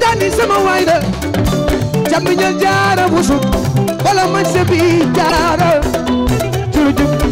dani sama waay da jàmm ñal jaara busut wala ma sebi jaara jurujub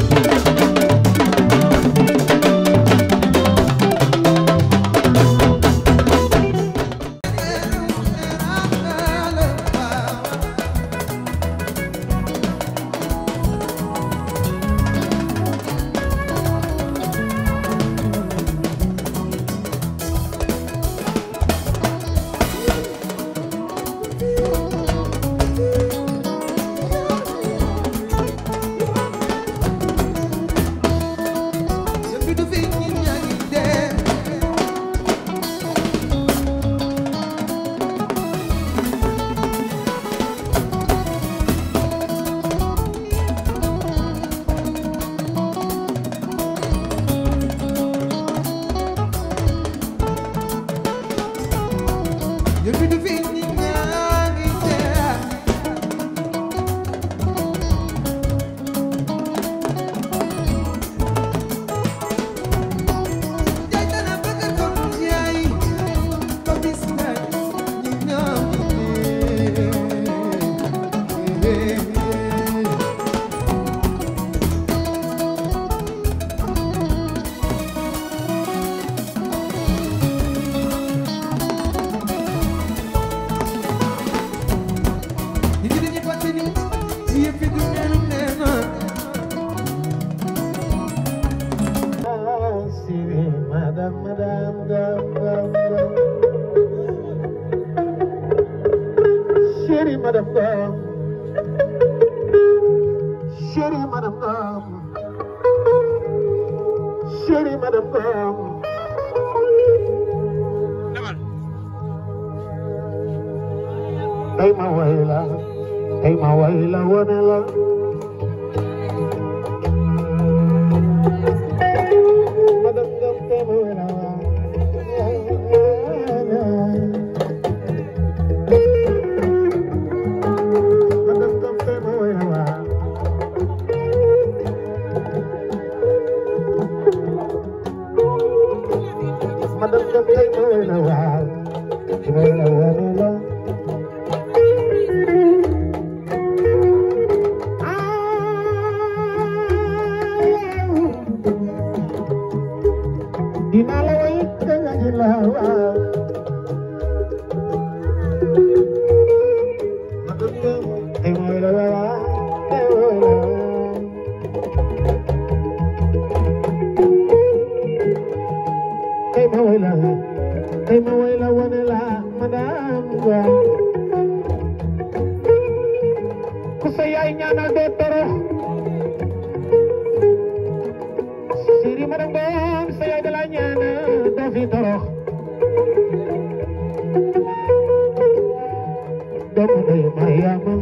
tey ma way la tey ma way la wane la ma dem dem tey ma way la ku sa yaay ñaanal doo toro siri madam doom sa yaay da la ñaanal doo fi toro doomu ndey Mariama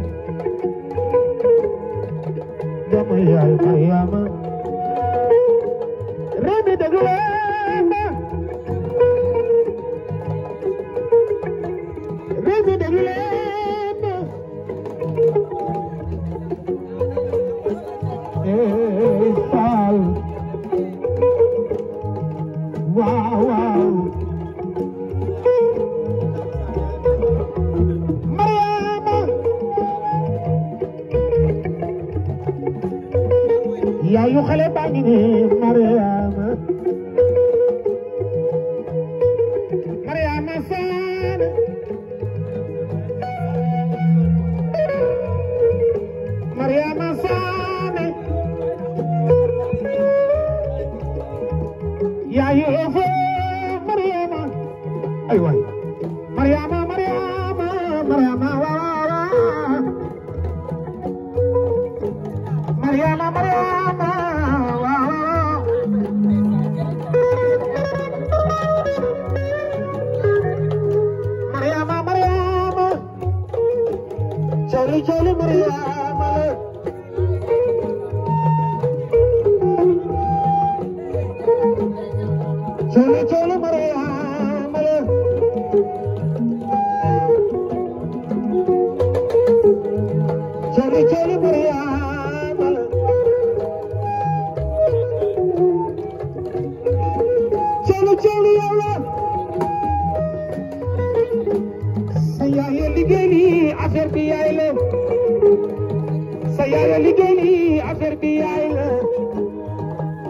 sa yaay liggéey nii affaire bi yaay la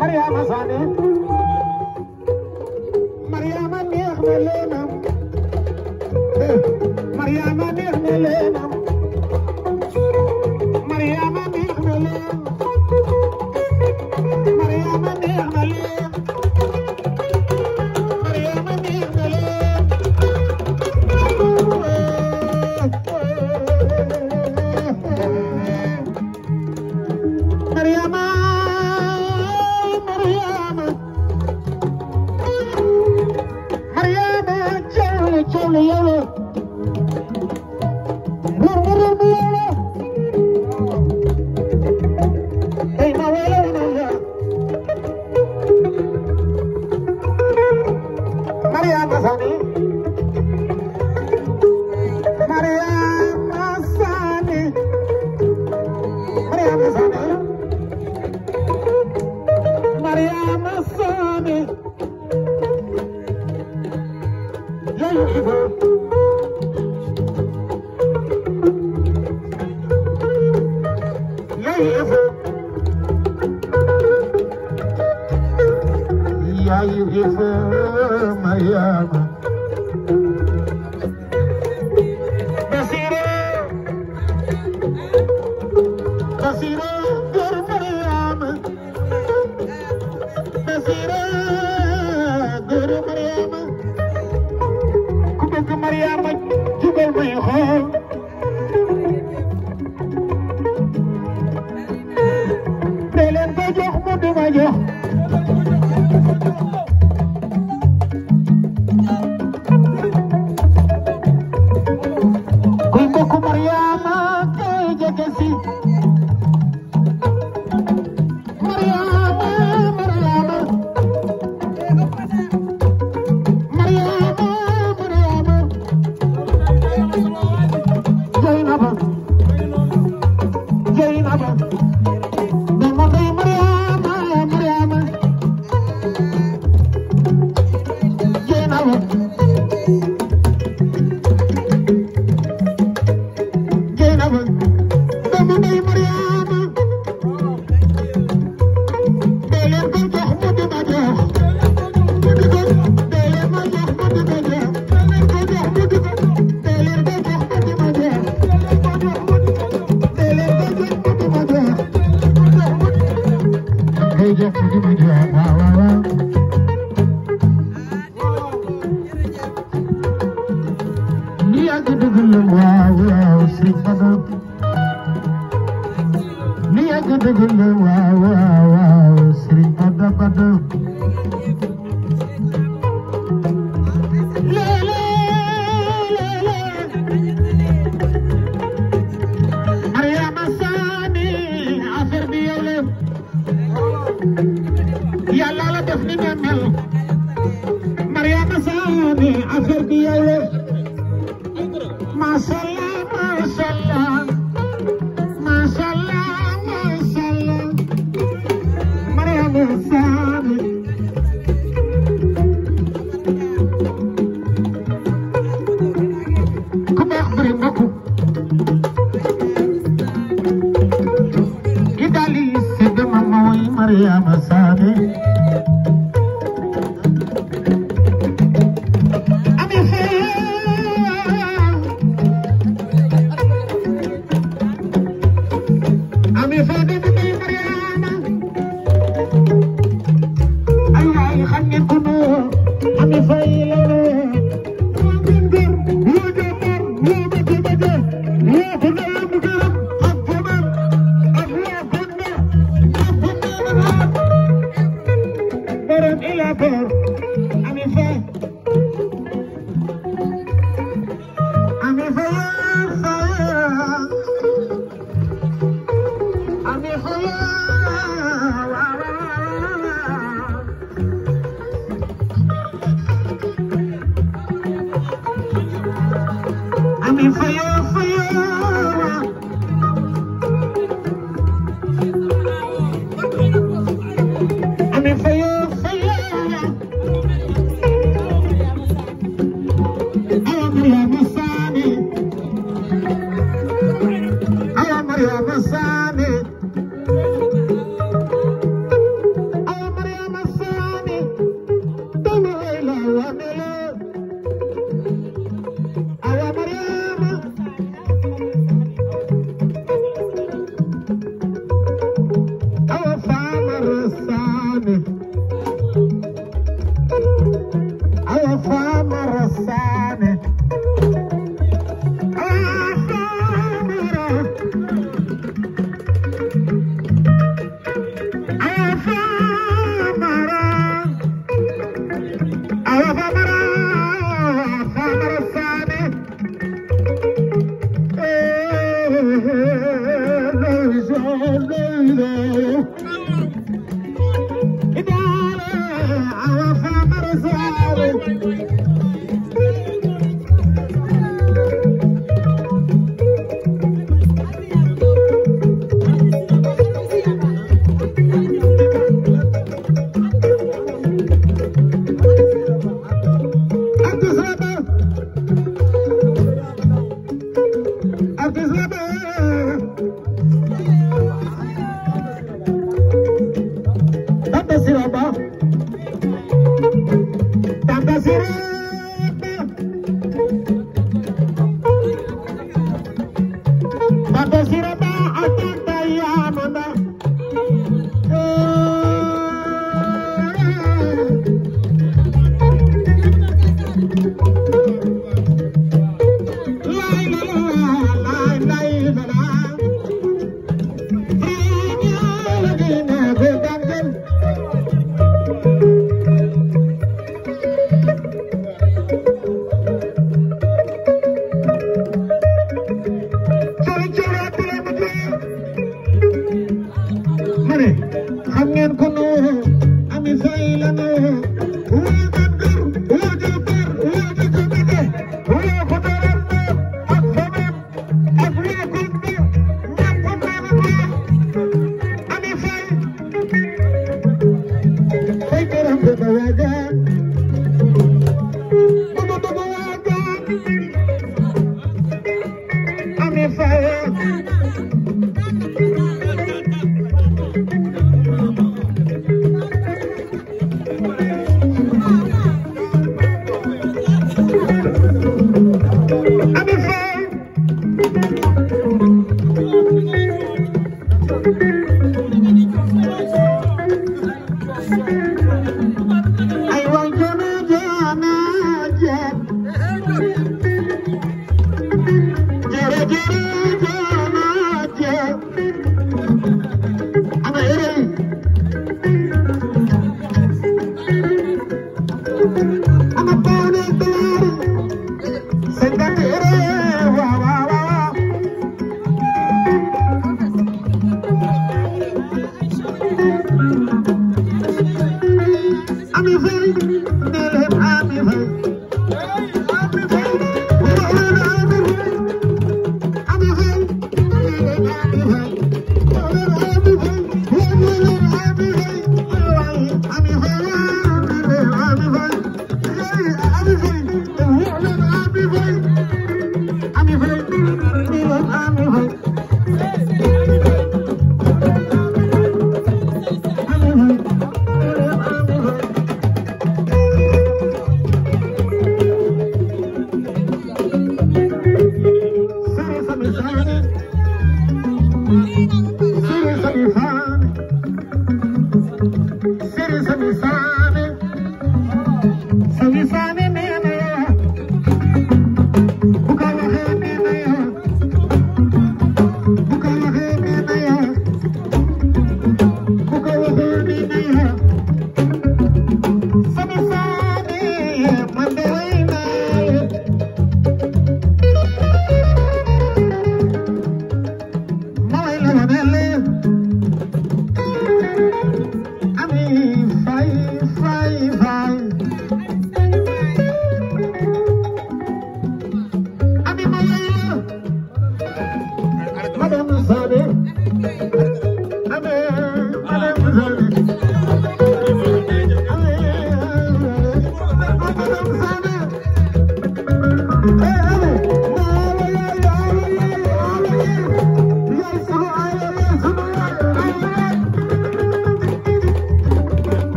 Mariama Sané Mariama neex na leenam Mariama neex na leenam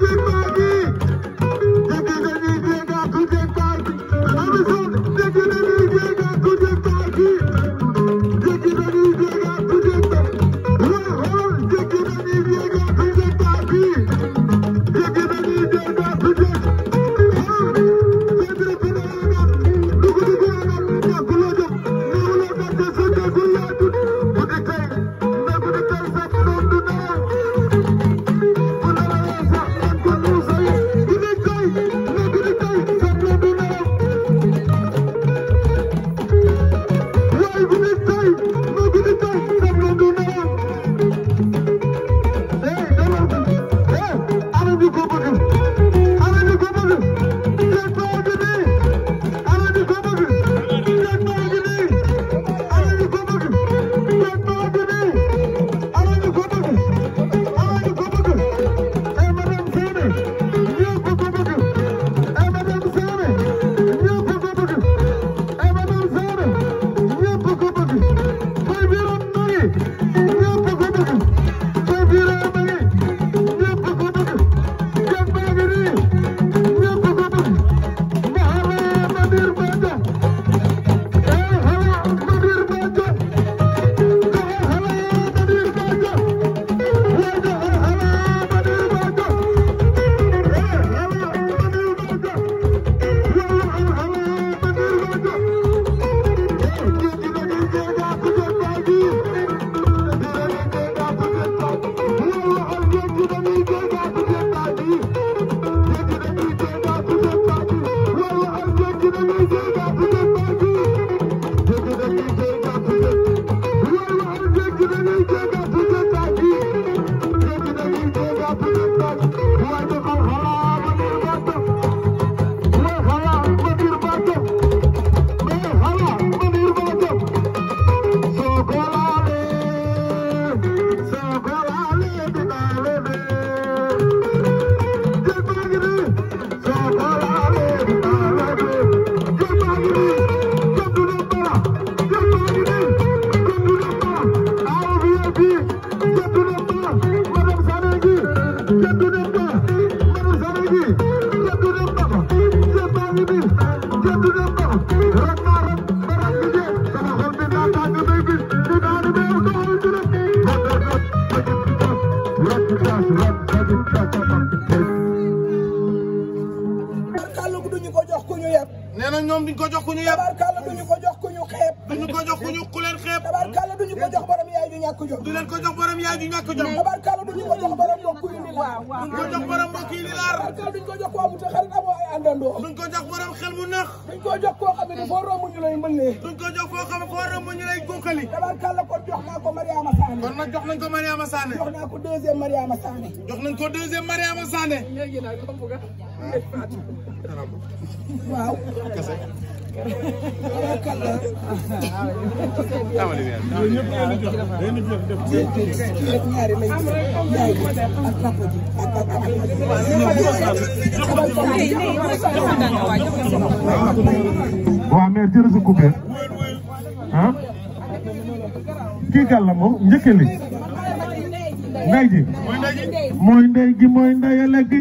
Thank you. duñ ko jox borom xel mu nax duñ ko jox koo xam ne foo romb ñu lay mbëllee duñ ko jox koo xam ne foo romb ñu lay gunqali tabarkàlla kon jox naa ko Mariama Sané jox nañ ko Mariama Sané jox naa ko deuxième Mariama Sané jox nañ ko deuxième Mariama Sané léegi nag xam nga ah. waaw waaw mais jërëjëf su coupé ah kii kan la moom njëkkali ndey ji mooy ndey ji mooy ndey lekk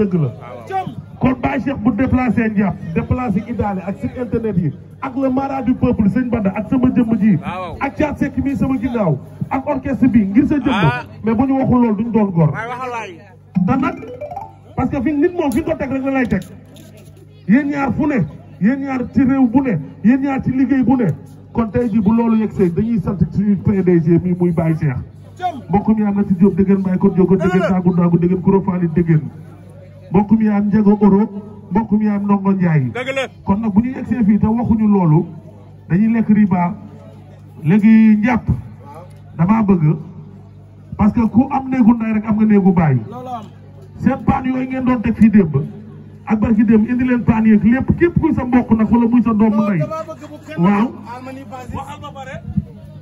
dëgg la. Ah, kon Baye Cheikh bu déplacé Ndiaye. déplacé Idaale ak site internet yi. ak le mara du peuple sëñ Bada ak sama jëmm ji. Ah, ak caat sekk mii sama ginnaaw. ak orchestre bi ngir sa jëmm. Ah. mais bu ñu waxul lool duñ doon gor. te nag parce que fi nit moom fi ñu ko teg rek la lay teg. yéen ñaar fu ne. yéen ñaar ci réew bu ne. yéen ñaar ci liggéey bu ne. kon tey jii bu loolu yegg see dañuy sant suñu PDG mii muy Baye mi am na ci Diop dégg ngeen Baye kon Diop dégg ngeen Ndangu Ndangu dégg ngeen Kourou mbokkum yaam njago Europe mbokkum yaam ndongo njaay kon nag bu ñu egsee fii te waxuñu loolu dañuy lekk riba léegi njàpp damaa bëgg parce que ku am néegu nday rek am nga néegu baay seen paan yooyu ngeen doon teg fii démb ak barki dem indi leen paan yeeg lépp képp kuy sa mbokk nag wala muy sa doomu nday waaw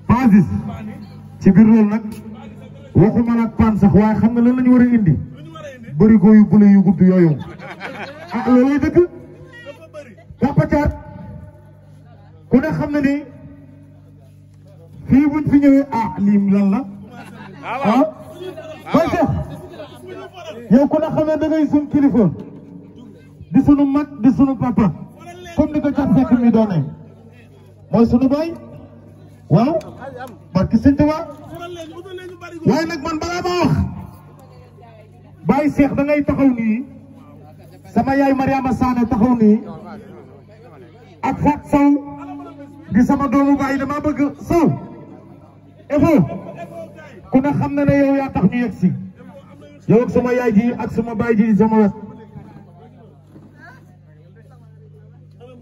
basis ci biir loolu nag waxuma nag paan sax waaye xam nga leen la ñu war a indi bërigo yu bule yu yooyu ah loolay dëgg Papa ku ne xam na ni fii buñ fi ñëwee ah lii lan la ah Baye Cheikh ku ne xam ne suñ kilifa di sunu mag di sunu papa comme ni ko Thiat Seck mi doone mooy sunu baay waaw barki sëñ Tuubaa waaye nag man balaa ma wax Baye Cheikh da ngay taxaw sama yaay Mariama Sané taxaw ak Fat Sow di sama doomu Baye dama bëgg Sow efo ku ne xam na ne yow yaa tax ñu yegg si yow ak sama yaay ji ak sama baay ji sama wet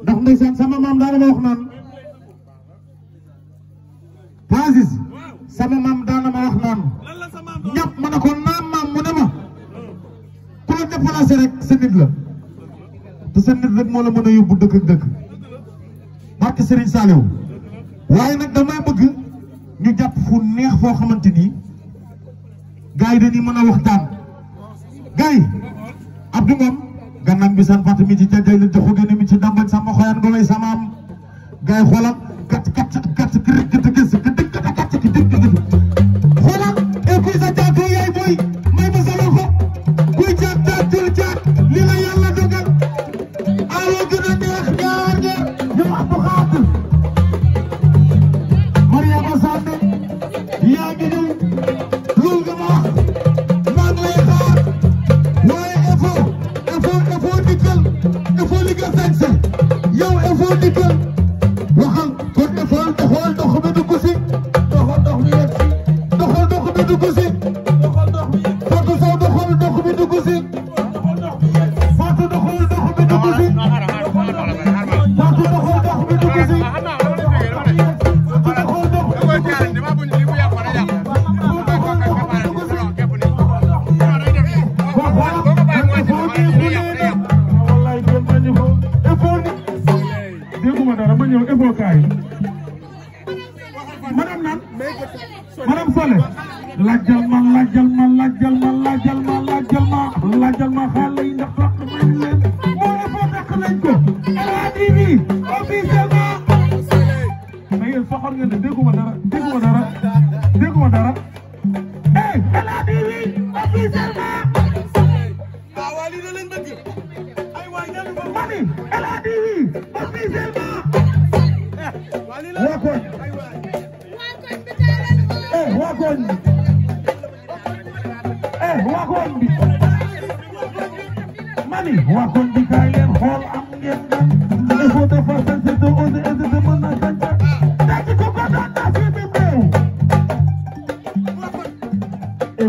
ndax ndeysaan sama maam daana ma wax naan Pazis sama maam daana ma wax naan ñàpp ma ne ko nga placé rek sa nit la te sa rek moo la mën a yóbbu dëkk ak dëkk barke Serigne Saliou waaye nag damay bëgg ñu jàpp fu neex foo xamante ni gars yi dañuy mën a waxtaan gars yi Abdou Ngom gannaaw bi seen parti mi ci jajay la joxu gën mi ci dambañ sama xoyaan ba lay sama am gars kat kat kat kër kër kër kër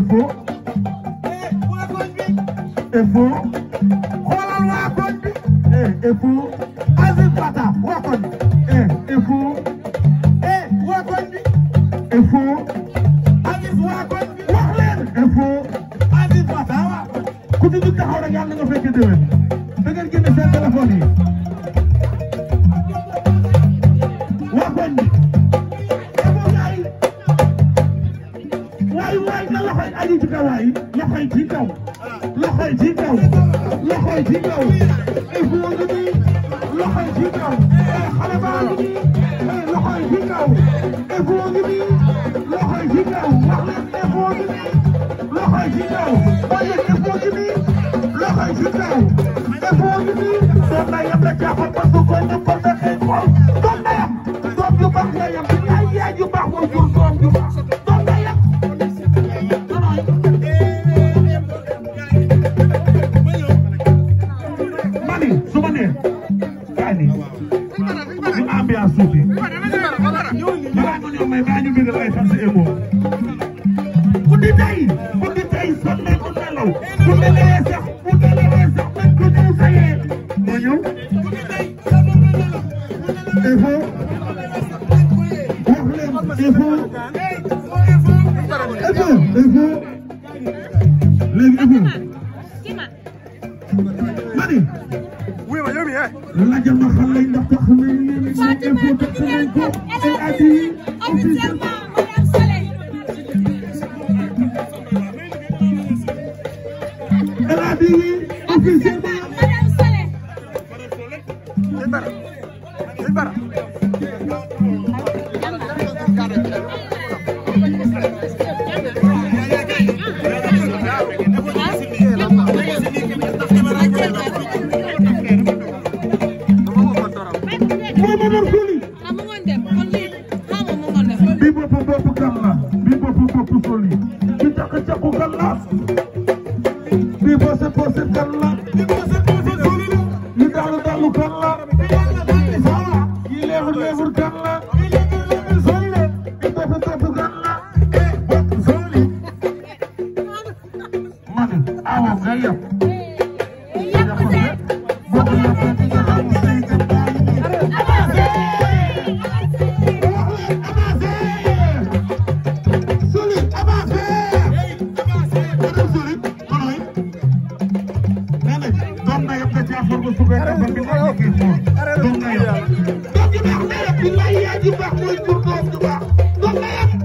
beau et beau xoolal waa koñ bi et eh, beau yaayam yaay ju baax moo jur doom ju baax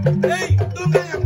Ei, do meio.